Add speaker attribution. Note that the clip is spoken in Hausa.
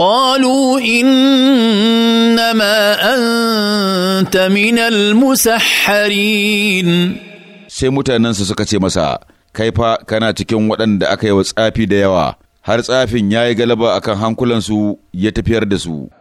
Speaker 1: قالوا انما انت من المسحرين sai mutanensa suka ce masa kai
Speaker 2: fa kana cikin waɗanda aka yi wa tsafi da yawa har tsafin ya yi galaba akan hankulansu ya tafiyar da su